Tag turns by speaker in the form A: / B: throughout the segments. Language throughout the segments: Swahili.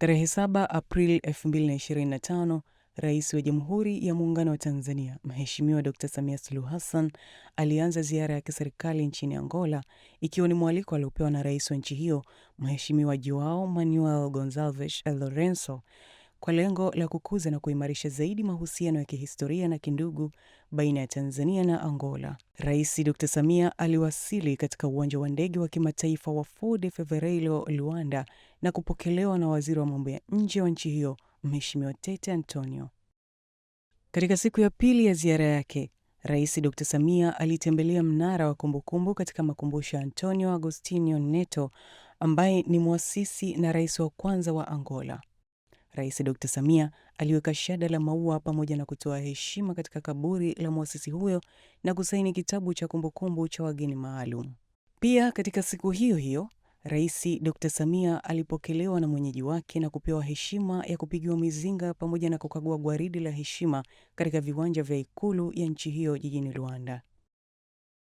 A: Tarehe 7 Aprili 2025, Rais wa Jamhuri ya Muungano wa Tanzania Mheshimiwa Dr. Samia Suluhu Hassan alianza ziara ya kiserikali nchini Angola ikiwa ni mwaliko aliopewa na Rais wa nchi hiyo Mheshimiwa Joao Manuel Goncalves Lorenzo kwa lengo la kukuza na kuimarisha zaidi mahusiano ya kihistoria na kindugu baina ya Tanzania na Angola. Rais Dr. Samia aliwasili katika uwanja wa ndege wa kimataifa wa 4 de Luanda na kupokelewa na waziri wa mambo ya nje wa nchi hiyo Mheshimiwa Tete Antonio. Katika siku ya pili ya ziara yake, Rais Dr. Samia alitembelea mnara wa kumbukumbu katika makumbusho ya Antonio Agostinho Neto ambaye ni mwasisi na rais wa kwanza wa Angola. Rais Dr. Samia aliweka shada la maua pamoja na kutoa heshima katika kaburi la mwasisi huyo na kusaini kitabu cha kumbukumbu cha wageni maalum. Pia katika siku hiyo hiyo, Rais Dr. Samia alipokelewa na mwenyeji wake na kupewa heshima ya kupigiwa mizinga pamoja na kukagua gwaridi la heshima katika viwanja vya Ikulu ya nchi hiyo jijini Luanda.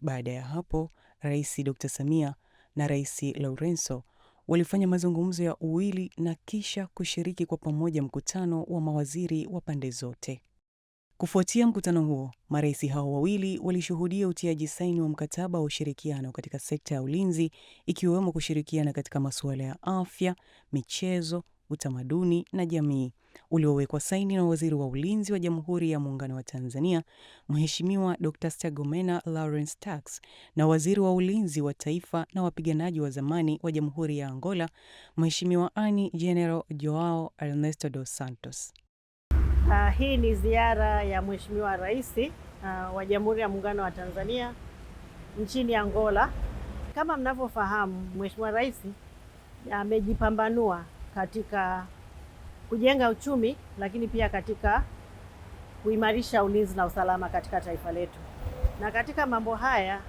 A: Baada ya hapo, Rais Dr. Samia na Rais Laurenso walifanya mazungumzo ya uwili na kisha kushiriki kwa pamoja mkutano wa mawaziri wa pande zote. Kufuatia mkutano huo, marais hao wawili walishuhudia utiaji saini wa mkataba wa ushirikiano katika sekta ya ulinzi, ikiwemo kushirikiana katika masuala ya afya, michezo, utamaduni na jamii uliowekwa saini na Waziri wa Ulinzi wa Jamhuri ya Muungano wa Tanzania Mheshimiwa Dr. Stagomena Lawrence Tax na Waziri wa Ulinzi wa Taifa na wapiganaji wa zamani wa Jamhuri ya Angola Mheshimiwa Ani General Joao Ernesto dos Santos.
B: Uh, hii ni ziara ya Mheshimiwa Rais uh, wa Jamhuri ya Muungano wa Tanzania nchini Angola. Kama mnavyofahamu, Mheshimiwa Rais amejipambanua uh, katika kujenga uchumi, lakini pia katika kuimarisha ulinzi na usalama katika taifa letu. Na katika mambo haya,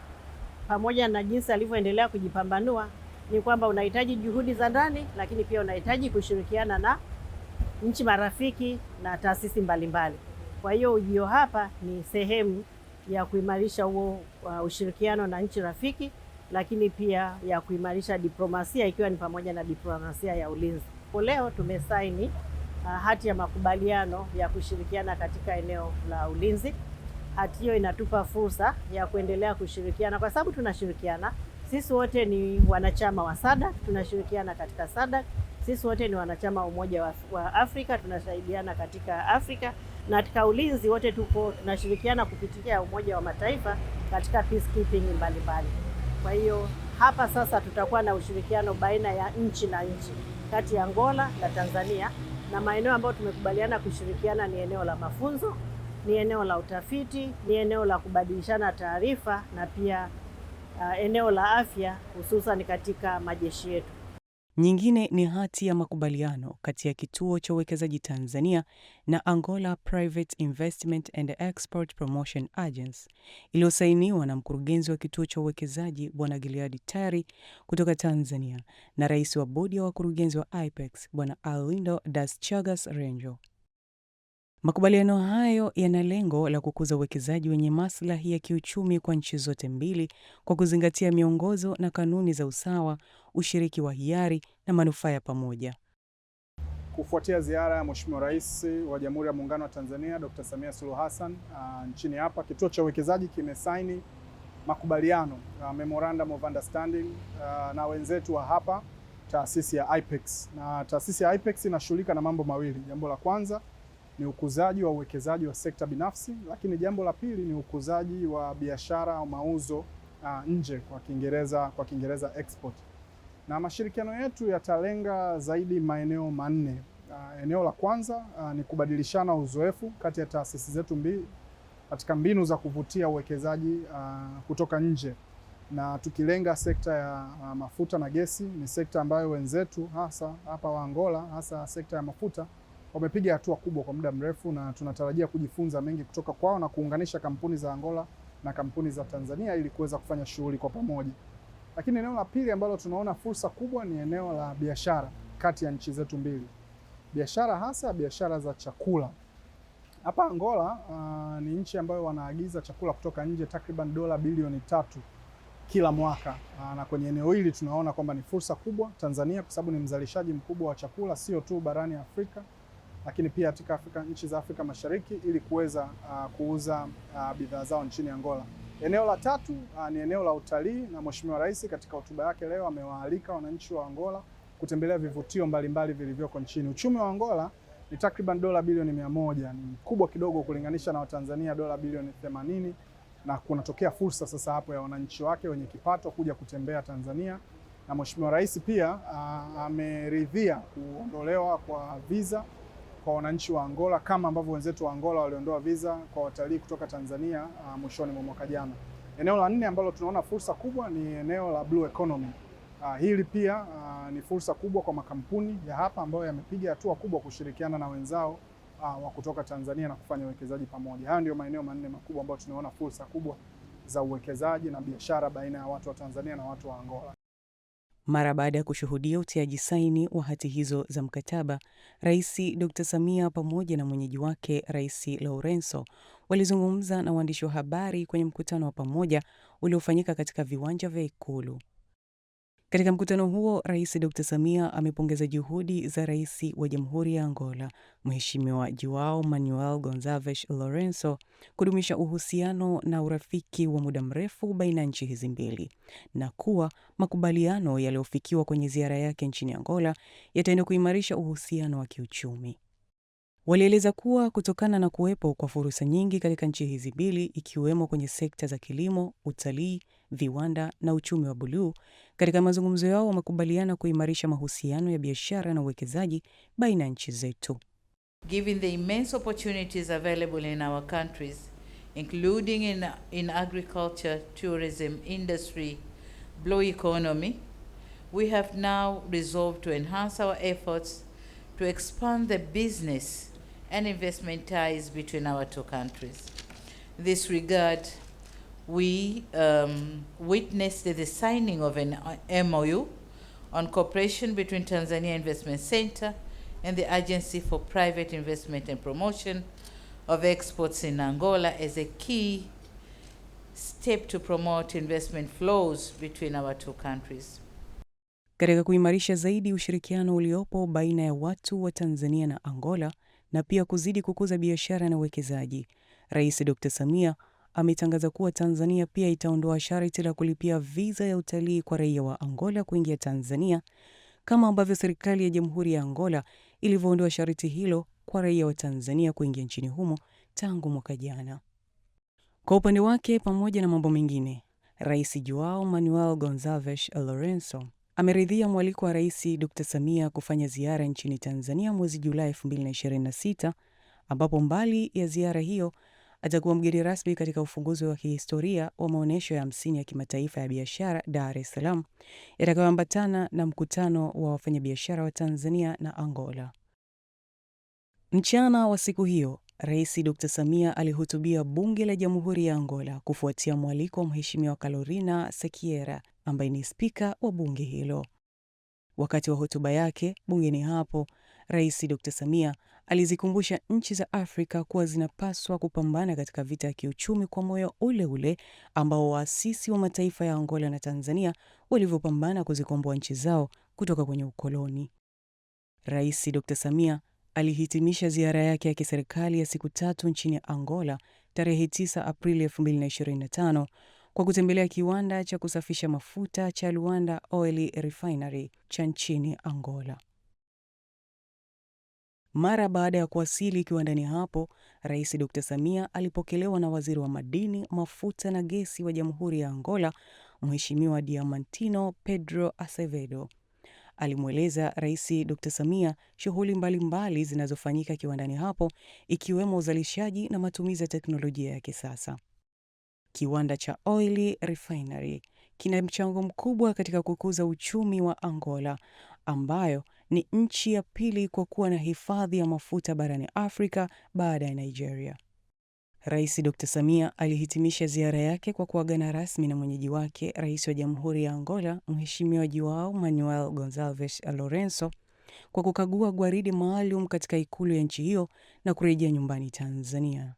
B: pamoja na jinsi alivyoendelea kujipambanua, ni kwamba unahitaji juhudi za ndani, lakini pia unahitaji kushirikiana na nchi marafiki na taasisi mbalimbali. Kwa hiyo ujio hapa ni sehemu ya kuimarisha huo uh, ushirikiano na nchi rafiki, lakini pia ya kuimarisha diplomasia ikiwa ni pamoja na diplomasia ya ulinzi ambapo leo tumesaini uh, hati ya makubaliano ya kushirikiana katika eneo la ulinzi. Hati hiyo inatupa fursa ya kuendelea kushirikiana kwa sababu tunashirikiana sisi wote ni wanachama wa SADC, tunashirikiana katika SADC. Sisi wote ni wanachama wa Umoja wa, Afrika, tunasaidiana katika Afrika na katika ulinzi wote tuko tunashirikiana kupitia Umoja wa Mataifa katika peacekeeping mbalimbali. Kwa hiyo hapa sasa tutakuwa na ushirikiano baina ya nchi na nchi kati ya Angola na Tanzania, na maeneo ambayo tumekubaliana kushirikiana ni eneo la mafunzo, ni eneo la utafiti, ni eneo la kubadilishana taarifa na pia uh, eneo la afya hususan katika majeshi yetu.
A: Nyingine ni hati ya makubaliano kati ya Kituo cha Uwekezaji Tanzania na Angola Private Investment and Export Promotion Agency iliyosainiwa na Mkurugenzi wa Kituo cha Uwekezaji Bwana Giliadi Tari kutoka Tanzania na Rais wa Bodi ya Wakurugenzi wa IPEX Bwana Alindo Das Chagas Renjo. Makubaliano hayo yana lengo la kukuza uwekezaji wenye maslahi ya kiuchumi kwa nchi zote mbili kwa kuzingatia miongozo na kanuni za usawa, ushiriki wa hiari na manufaa ya pamoja.
C: Kufuatia ziara ya Mheshimiwa Rais wa Jamhuri ya Muungano wa Tanzania Dr. Samia Suluhu Hassan uh, nchini hapa, kituo cha uwekezaji kimesaini makubaliano uh, memorandum of understanding uh, na wenzetu wa hapa taasisi ya IPEX, na taasisi ya IPEX inashughulika na mambo mawili. Jambo la kwanza ni ukuzaji wa uwekezaji wa sekta binafsi, lakini jambo la pili ni ukuzaji wa biashara au mauzo uh, nje kwa Kiingereza kwa Kiingereza export. Na mashirikiano yetu yatalenga zaidi maeneo manne. Uh, eneo la kwanza uh, ni kubadilishana uzoefu kati ya taasisi zetu mbili katika mbinu za kuvutia uwekezaji uh, kutoka nje na tukilenga sekta ya uh, mafuta na gesi. Ni sekta ambayo wenzetu hasa hapa wa Angola, hasa sekta ya mafuta wamepiga hatua kubwa kwa muda mrefu, na tunatarajia kujifunza mengi kutoka kwao na kuunganisha kampuni za Angola na kampuni za Tanzania ili kuweza kufanya shughuli kwa pamoja. Lakini eneo la pili ambalo tunaona fursa kubwa ni eneo la biashara kati ya nchi zetu mbili, biashara hasa biashara za chakula. Hapa Angola uh, ni nchi ambayo wanaagiza chakula kutoka nje takriban dola bilioni tatu kila mwaka uh, na kwenye eneo hili tunaona kwamba ni fursa kubwa Tanzania kwa sababu ni mzalishaji mkubwa wa chakula sio tu barani Afrika lakini pia katika Afrika, nchi za Afrika Mashariki ili kuweza uh, kuuza uh, bidhaa zao nchini Angola. Eneo la tatu uh, ni eneo la utalii, na Mheshimiwa Rais katika hotuba yake leo amewaalika wananchi wa Angola kutembelea vivutio mbalimbali vilivyoko nchini. Uchumi wa Angola ni takriban dola bilioni mia moja, ni mkubwa kidogo kulinganisha na Watanzania dola bilioni themanini, na kunatokea fursa sasa hapo ya wananchi wake wenye kipato kuja kutembea Tanzania na Mheshimiwa Rais pia uh, ameridhia kuondolewa kwa visa kwa wananchi wa Angola kama ambavyo wenzetu wa Angola waliondoa visa kwa watalii kutoka Tanzania uh, mwishoni mwa mwaka jana. Eneo la nne ambalo tunaona fursa kubwa ni eneo la blue economy. Uh, hili pia uh, ni fursa kubwa kwa makampuni ya hapa ambayo yamepiga hatua kubwa kushirikiana na wenzao uh, wa kutoka Tanzania na kufanya uwekezaji pamoja. Hayo ndio maeneo manne makubwa ambayo tunaona fursa kubwa za uwekezaji na biashara baina ya watu wa Tanzania na watu wa Angola.
A: Mara baada ya kushuhudia utiaji saini wa hati hizo za mkataba, Rais Dr. Samia pamoja na mwenyeji wake Rais Laurenso walizungumza na waandishi wa habari kwenye mkutano wa pamoja uliofanyika katika viwanja vya Ikulu. Katika mkutano huo, Rais Dr. Samia amepongeza juhudi za Rais wa Jamhuri ya Angola, Mheshimiwa Joao Manuel gonzaves Lorenzo kudumisha uhusiano na urafiki wa muda mrefu baina ya nchi hizi mbili na kuwa makubaliano yaliyofikiwa kwenye ziara yake nchini Angola yataenda kuimarisha uhusiano wa kiuchumi. Walieleza kuwa kutokana na kuwepo kwa fursa nyingi katika nchi hizi mbili ikiwemo kwenye sekta za kilimo, utalii viwanda na uchumi wa buluu. Katika mazungumzo yao wamekubaliana kuimarisha mahusiano ya biashara na uwekezaji baina ya nchi zetu.
D: Given the immense opportunities available in our countries including in, in agriculture, tourism, industry, blue economy, we have now resolved to enhance our efforts to expand the business and investment ties between our two countries. In this regard, we um, witnessed the signing of an uh, MOU on cooperation between Tanzania Investment Center and the Agency for Private Investment and Promotion of Exports in Angola as a key step to promote investment flows between our two countries.
A: Katika kuimarisha zaidi ushirikiano uliopo baina ya watu wa Tanzania na Angola na pia kuzidi kukuza biashara na uwekezaji, Rais Dr. Samia ametangaza kuwa Tanzania pia itaondoa sharti la kulipia viza ya utalii kwa raia wa Angola kuingia Tanzania kama ambavyo serikali ya Jamhuri ya Angola ilivyoondoa sharti hilo kwa raia wa Tanzania kuingia nchini humo tangu mwaka jana. Kwa upande wake, pamoja na mambo mengine, Rais Joao Manuel Gonzalves Lorenzo ameridhia mwaliko wa Rais Dr. Samia kufanya ziara nchini Tanzania mwezi Julai 2026 ambapo mbali ya ziara hiyo atakuwa mgeni rasmi katika ufunguzi wa kihistoria wa maonyesho ya hamsini ya kimataifa ya biashara Dar es Salaam yatakayoambatana na mkutano wa wafanyabiashara wa Tanzania na Angola. Mchana wa siku hiyo, Rais Dr. Samia alihutubia Bunge la Jamhuri ya Angola kufuatia mwaliko wa Mheshimiwa kalorina sekiera ambaye ni spika wa bunge hilo. Wakati wa hotuba yake bungeni hapo, Rais Dr. Samia alizikumbusha nchi za Afrika kuwa zinapaswa kupambana katika vita ya kiuchumi kwa moyo ule ule ambao waasisi wa mataifa ya Angola na Tanzania walivyopambana kuzikomboa nchi zao kutoka kwenye ukoloni. Rais Dr. Samia alihitimisha ziara yake ya kiserikali ya siku tatu nchini Angola tarehe 9 Aprili 2025 kwa kutembelea kiwanda cha kusafisha mafuta cha Luanda Oil Refinery cha nchini Angola. Mara baada ya kuwasili kiwandani hapo, Rais Dr. Samia alipokelewa na Waziri wa Madini, Mafuta na Gesi wa Jamhuri ya Angola, Mheshimiwa Diamantino Pedro Acevedo. Alimweleza Rais Dr. Samia shughuli mbalimbali zinazofanyika kiwandani hapo ikiwemo uzalishaji na matumizi ya teknolojia ya kisasa. Kiwanda cha Oil Refinery kina mchango mkubwa katika kukuza uchumi wa Angola ambayo ni nchi ya pili kwa kuwa na hifadhi ya mafuta barani Afrika baada ya Nigeria. Rais Dr. Samia alihitimisha ziara yake kwa kuagana rasmi na mwenyeji wake, Rais wa Jamhuri ya Angola, Mheshimiwa Joao Manuel Gonzalves Lorenzo kwa kukagua gwaridi maalum katika ikulu ya nchi hiyo na kurejea nyumbani Tanzania.